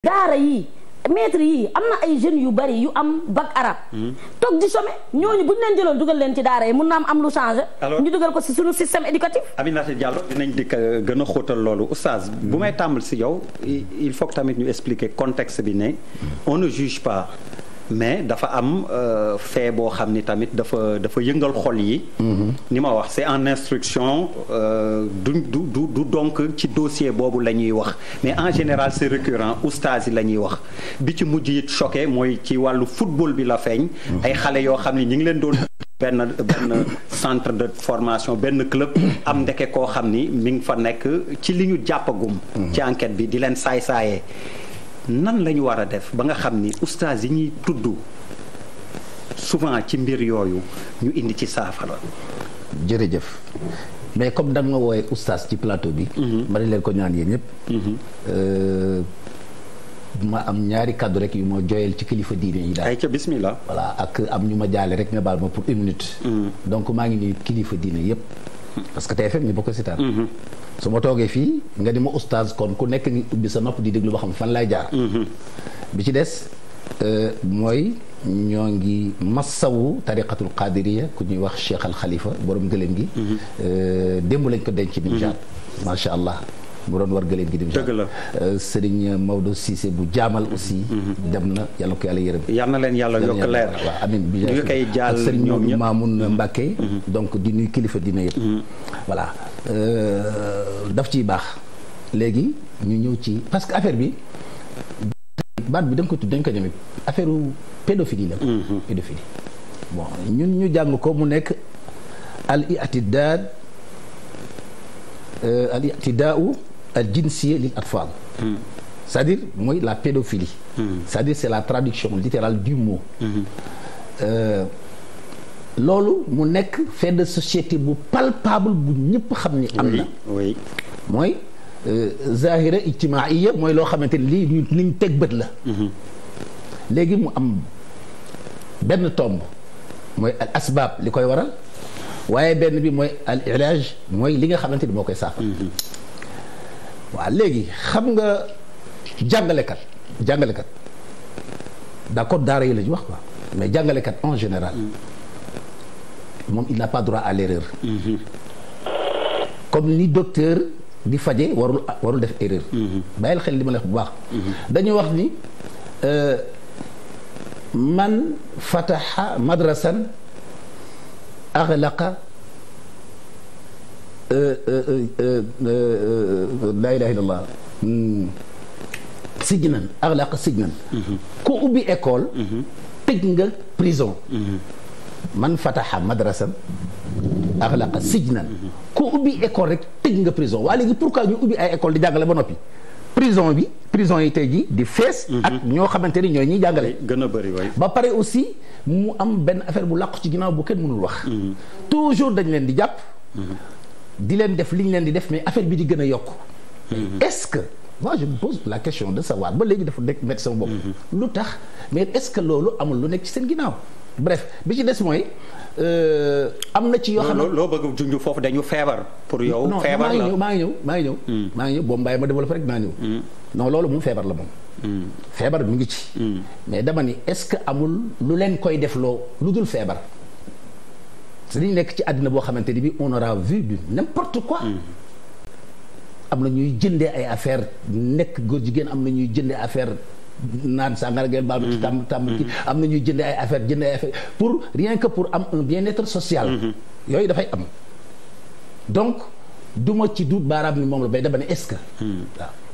daara yi maître yi am na ay jeunes yu bari yu am bac arabe. Hmm. toog di sommet ñooñu bu ñu leen jëloon dugal leen ci daara yi mun na am am lu changé. ñu dugal ko si suñu système éducatif. Aminata Diallo dinañ dikk euh, gën a xóotal loolu oustaz bu may tàmbal si yow il faut tamit ñu expliquer contexte bi ne on ne juge pas. mais dafa am euh, fee boo xam ni tamit dafa dafa yëngal xol yi. Mm-hmm. ni ma wax c'est en instruction euh, du du du du donc ci dossier boobu la ñuy wax mais en général c'est récurrent oustaz yi la ñuy wax bi ci mujj it choqué mooy ci wàllu football bi la feeñ. Mm-hmm. ay xale yoo xam ni ñu ngi leen doon. benn centre de formation benn club am ndeke koo xam ni mi ngi fa nekk ci li ñu jàppagum. Mm-hmm. ci enquête bi di leen saay saaye nan la ñu war a def ba nga xam ni ustaas yi ñuy tudd souvent ci mbir yooyu ñu indi ci saafara. jërëjëf mais comme da nga ma wooyee ustaas ci plateau bi. Mhm. ma ne leen ko ñaan yéen ñëpp. Mhm. Euh, ma am ñaari kàddu rek yu moo jooyal ci kilifa diine yi daal. ay ca bismillah. voilà ak am ñu ma jaale rek nga baal ma pour une minute. Mhm. donc maa ngi nuyu kilifa diine yëpp. parce que TFM ñu bokk seetaan mm-hmm. su ma toogee fii nga di ma oustaz kon ku nekk ngi ubbi sa nopp di déglu ba xam fan laay jaar mm-hmm. bi ci des euh, mooy ñoo ngi massawu tariqatul qadiriya ku ñuy wax Cheikh Al Khalifa borom gëlëm gi mm-hmm. euh, démb lañ ko denc Nijaat macha allah bu doon war gëleen gi dem dëgg la euh, bu jaamal aussi mhm. dem na yàlla ko yàlla na leen yàlla yokk leer waaw bi ñu koy jaal sëriñ Maodo Mamoun mhm. Mbacké mhm. donc di kilifa dina yëpp voilà euh, daf baax léegi ñu ñëw ci parce que affaire bi baat bi da ko tudd dañ ko demee affaire pédophilie la pédophilie bon ñun ñu jàng ko mu nekk al i'tidaad euh, al jinsiya lil atfal hmm. c'est-à-dire mooy la pédophilie hmm. c'est-à-dire c'est la traduction littérale du mot hmm. euh, loolu mu nekk fait de société bu palpable bu ñëpp xam ni am na mooy euh, zahira ijtimaaiya mooy loo xamante ni lii liñ teg bët la léegi mu am benn tomb mooy al asbaab li koy waral waaye benn bi mooy al ilaaj mooy li nga xamante ni moo koy saafara waa léegi xam nga jàngalekat jàngalekat d'accord daara yi la ñu wax quoi mais jàngalekat en général moom il n'a pas droit à mhm. comme ni docteur di faje warul warul def erreur mhm. bàyyil xel li ma bu baax mhm. dañu wax ni euh, man fataha madrasan aghlaqa Eh, eh, eh, laa ilaha ak hmm. sijnan axlaqa sijnan mhm. ku ubbi école mhm. tëj nga prison mhm. man fataxa madrasan axlaqa sijnan ku ubbi école rek tëj nga prison waa léegi pourquoi ñu ubbi ay école di jàngale ba noppi prison bi prison yi tey jii di fees ak ñoo xamante ni ñooy ñuy jàngale gën a bëri ba pare aussi mu am benn affaire bu làqu ci ginnaaw bu kenn mënul wax toujours dañ leen di jàpp di leen def li ñu leen di def mais affaire bi di gën a yokk mm-hmm. est-ce que moi je pose la question de savoir ba léegi dafa nekk médecin boobu mm-hmm. lu tax mais est-ce que loolu amul lu nekk ci seen ginnaaw bref bi ci des mooy euh, am na ci yoo xam ne loo bëgg junj foofu dañu feebar. pour yow feebar la non maa ngi ñëw maa ngi ñëw. maa ngi ñëw mm. boo mbayee ma développé rek maa ngi mm. non loolu moom feebar la moom. Mm. feebar mi ngi ci. mais dama ni est-ce que amul lu leen koy def loo lu dul feebar. dañu nekk ci àddina boo xamante ni bi on aura vu du n'importe quoi mm. am na ñuy jëndee ay affaire nekk góor jigéen am na ñuy jëndee affaire naan sàngara ngeen baal ma ci mm. tàmm tàmm ki mm. am ñuy jëndee ay affaire jëndee ay affaire pour rien que pour am un bien-être social mm-hmm. yooyu dafay am donc du ci duut baaraam ni moom la bay dama ne est-ce que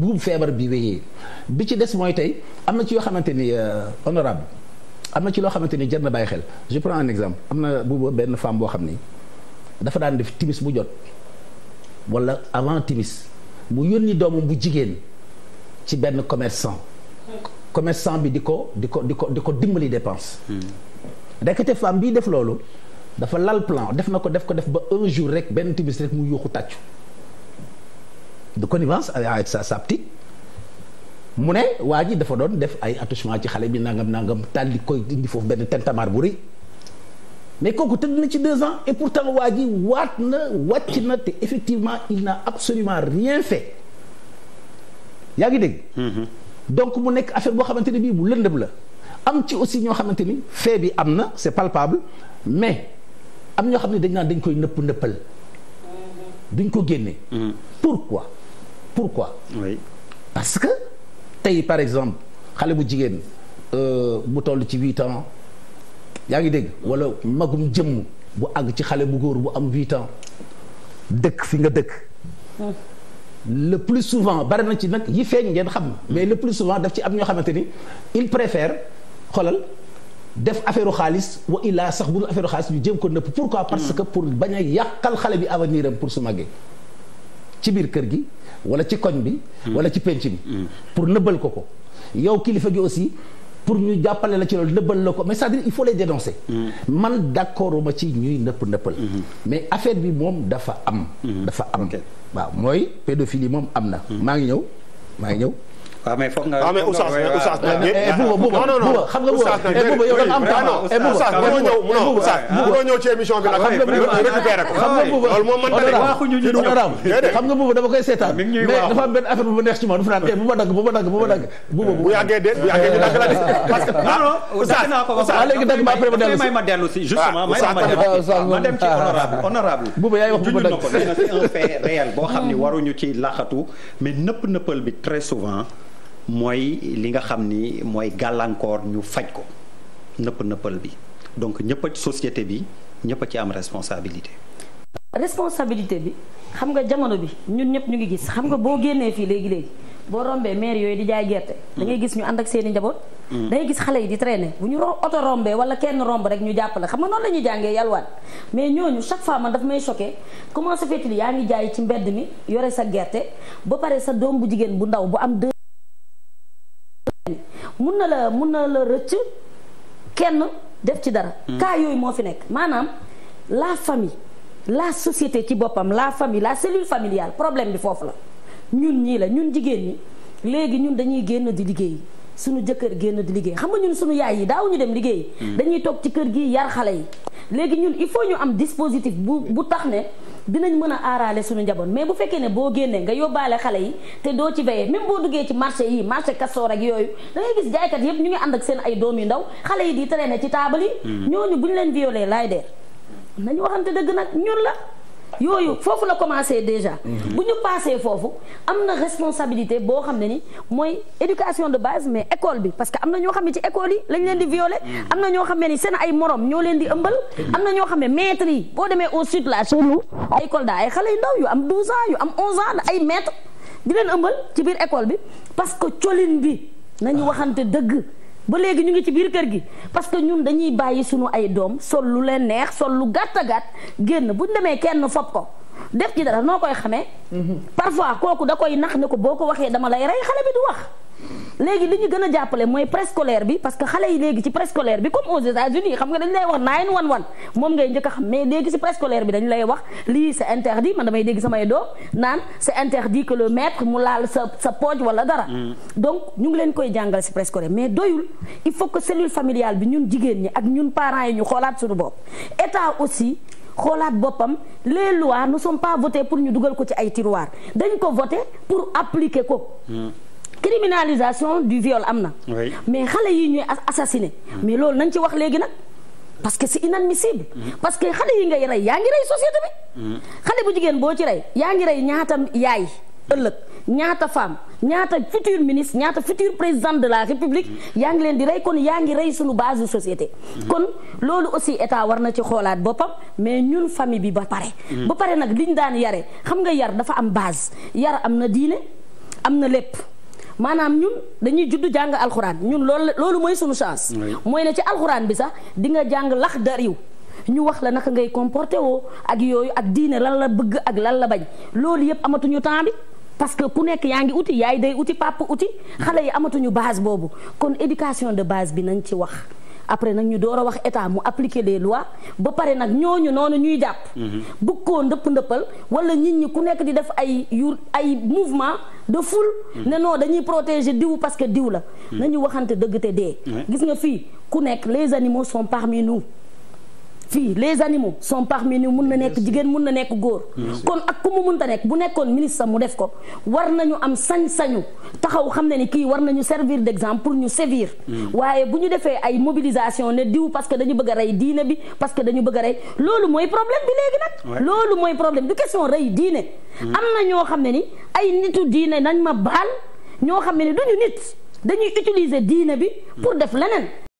waaw feebar bi wéyee bi ci des mooy tey am na ci yoo xamante ni euh, honorable am na ci loo xamante ni jar na bàyyi xel je prends un exemple am na bu benn femme boo xam ni dafa daan def timis bu jot wala avant timis mu yónni doomam bu jigéen ci benn commerçant commerçant bi di ko di ko di ko di ko dimbali dépense hmm. ndekete femme bii def loolu dafa lal plan def na ko def ko def ba un jour rek benn timis rek mu yuuxu tàccu de connivence avec sa sa petite mu ne waa ji dafa doon def ay attouchement ci xale bi nangam nangam tal di koy indi foofu benn tentamar bu rëy mais kooku tëdd na ci deux ans et pourtant waa ji waat na wàcc na te effectivement il n'a absolument rien fait yaa ngi dégg. Mm-hmm. donc mu nekk affaire boo xamante ne bii bu lëndëm la am ci aussi ñoo xamante ni fait bi am na c'est palpable mais am ñoo xam ne dañ naan dañ koy nëpp nëppal. Mm-hmm. duñ ko génne. Mm-hmm. pourquoi pourquoi. tey par exemple xale bu jigéen euh, bu toll ci huit ans yaa ngi dégg wala magum jëmm bu àgg ci xale bu góor bu am huit ans dëkk fi nga dëkk. le plus souvent bari na ci nag yi feeñ ngeen xam mais le plus souvent daf ci am ñoo xamante ni il préfère xoolal def affaire xaalis wa illaa sax bu dul affaire xaalis ñu jéem ko nëpp pourquoi parce que pour bañ a yàqal xale bi avenir am pour su màggee ci biir kër gi. wala ci koñ bi. wala ci penc bi. pour nëbbal ko ko yow kilifa gi aussi. pour ñu jàppale la ci loolu nëbbal la ko mais cest à il faut les dénoncer. man d'accord ma ci ñuy nëpp nëppal. mais affaire bi moom dafa am. Mm-hmm. dafa am waaw mooy pédophilie moom am na. Mm-hmm. maa ngi ñëw maa ngi ñëw. waaw mais foog nga waaw mais Oustaz Oustaz non non non xam nga Bouba ci émission bi xam nga Bouba na waxuñu ñu oram xam nga Bouba dama koy seetaan mais dafa am benn affaire bu ma neex dagg bu dagg bu ma la de parce wax léegi dagg ma après ma dellu may ma si justement may ma dem ci honorable honorable Bouba yaay wax bu ma dagg boo xam ni waruñu ci laxatu mais nëpp nëppal bi très souvent mooy li nga xam ni mooy gàllankoor ñu faj ko nëpp nëppal bi donc ñëpp a ci société bi ñëpp a ci am responsabilité. responsabilité bi xam nga jamono bi ñun ñëpp ñu ngi gis xam nga boo génnee fii léegi léegi boo rombee maire yooyu di jaay gerte. da ngay gis ñu ànd ak seen i njaboot. Mm. da ngay gis xale yi di traîner bu ñu oto rombee wala kenn romb rek ñu jàpp la xam nga noonu la ñuy jàngee yalwaan mais ñooñu chaque fois man daf may choqué comment se yaa ngi jaay ci mbedd mi yore sa gerte ba pare sa doom bu jigéen bu ndaw bu am deux. mun na la mun na la rëcc kenn def ci dara. kaa mm. yooyu moo fi nekk maanaam la famille la société ci boppam la famille la cellule familiale problème bi foofu la ñun ñii la ñun jigéen ñi léegi ñun dañuy génn di liggéey. suñu jëkkër génn di liggéey xam nga ñun suñu yaay yi daawuñu dem liggéey. Mm. dañuy toog ci kër gi yar xale yi. léegi ñun il faut ñu am dispositif bu bu tax ne. dinañ mën a aaraale suñu njaboot mais bu fekkee ne boo génnee nga yóbbaale xale yi te doo ci veillé même boo duggee ci marché yi marché kastoor ak yooyu da ngay gis jaaykat yëpp ñu ngi ànd ak seen ay doom yu ndaw xale yi di traîner ci taabal yi hmm. ñooñu bu ñu leen violé laay deer nañu waxante dëgg nag ñun la yooyu foofu la commencé déjà. bu ñu passé foofu am na responsabilité boo xam ne ni mooy éducation de base mais école bi parce que am na ñoo xam ne ci école yi lañ leen di violer. am na ñoo xam ne ni seen ay morom ñoo leen di ëmbal. am na ñoo xam ne yi boo demee au sud la chez nous ay Kolda ay xale yu ndaw yu am 12 ans yu am 11 ay maîtres di leen ëmbal ci biir école bi parce que colin bi nañu waxante dëgg. ba léegi ñu ngi ci biir kër gi parce que ñun dañuy bàyyi suñu ay doom sol lu leen neex sol lu gàtt a gàtt génn bu ñu demee kenn fopp ko def ci dara noo koy xamee. Mhm. parfois kooku da koy nax ne ko boo ko waxee dama lay rey xale bi du wax. léegi li ñu gën a jàppale mooy préscolaire bi parce que xale yi léegi ci préscolaire bi comme aux États-Unis xam nga dañ lay wax nine one one moom ngay njëkk a xam mais léegi ci préscolaire bi dañ lay wax lii c'est interdit man damay dégg samay doom naan c'est interdit que mu laal sa sa pooj wala dara. Mm. donc ñu ngi leen koy jàngal ci préscolaire mais doyul il faut que cellule familiale bi ñun jigéen ñi ak ñun parent yi ñu xoolaat suñu bopp état aussi. xoolaat boppam les lois ne sont pas votées pour ñu dugal ko ci ay tiroir dañ ko voté pour appliquer ko. Mm. criminalisation du viol am na. mais xale yi ñuy assassiné. mais loolu nañ ci wax léegi nag. parce que c'est inadmissible. parce que xale yi ngay rey yaa ngi rey société bi. xale bu jigéen boo ci rey yaa ngi rey ñaata yaay. ëllëg ñaata femme ñaata futur ministre ñaata futur président de la république yaa ngi leen di rey kon yaa ngi rey suñu base de société kon loolu aussi état war na ci xoolaat boppam mais ñun famille bi ba pare mm. ba pare nag liñ daan yare xam nga yar dafa am base yar am na diine am na lépp maanaam ñun dañuy judd jàng alxuraan ñun loolu loolu mooy suñu chance mooy na ci alxuraan bi sax di nga jàng lax dariw ñu wax la naka ngay comporté woo ak yooyu ak diine lan la bëgg ak lan la bañ loolu yëpp amatuñu temps bi parce que ku nekk yaa ngi uti yaay day uti papa uti xale yi amatuñu base boobu kon éducation de base bi nañ ci wax après nag ñu door a wax état mu appliquer les lois ba pare nag ñooñu noonu ñuy jàpp. Mm-hmm. bëgg koo ndëpp ndëppal wala nit ñi ku nekk di def ay yu ay mouvement de foule. Mm-hmm. ne non dañuy protéger diw parce que diw la. Mm-hmm. nañu waxante dëgg te dee. gis nga fii ku nekk les animaux sont parmi nous. fii les animaux sont parmi nous mun na nekk jigéen mun na nekk góor kon ak ku mu munta nekk bu nekkoon ministre mu def ko war nañu am sañ-sañu taxaw xam ne ni kii war nañu servir d'exemple pour ñu sévir mm. waaye bu ñu defee ay mobilisation ne diw parce que dañu bëgg a rey diine bi parce que dañu bëgg a rey loolu mooy problème bi léegi nag loolu mooy problème du question rey diine mm. am na ñoo xam ne ni ay nitu diine nañ ma baal ñoo xam ne ni duñu nit dañuy utiliser diine bi pour mm. def leneen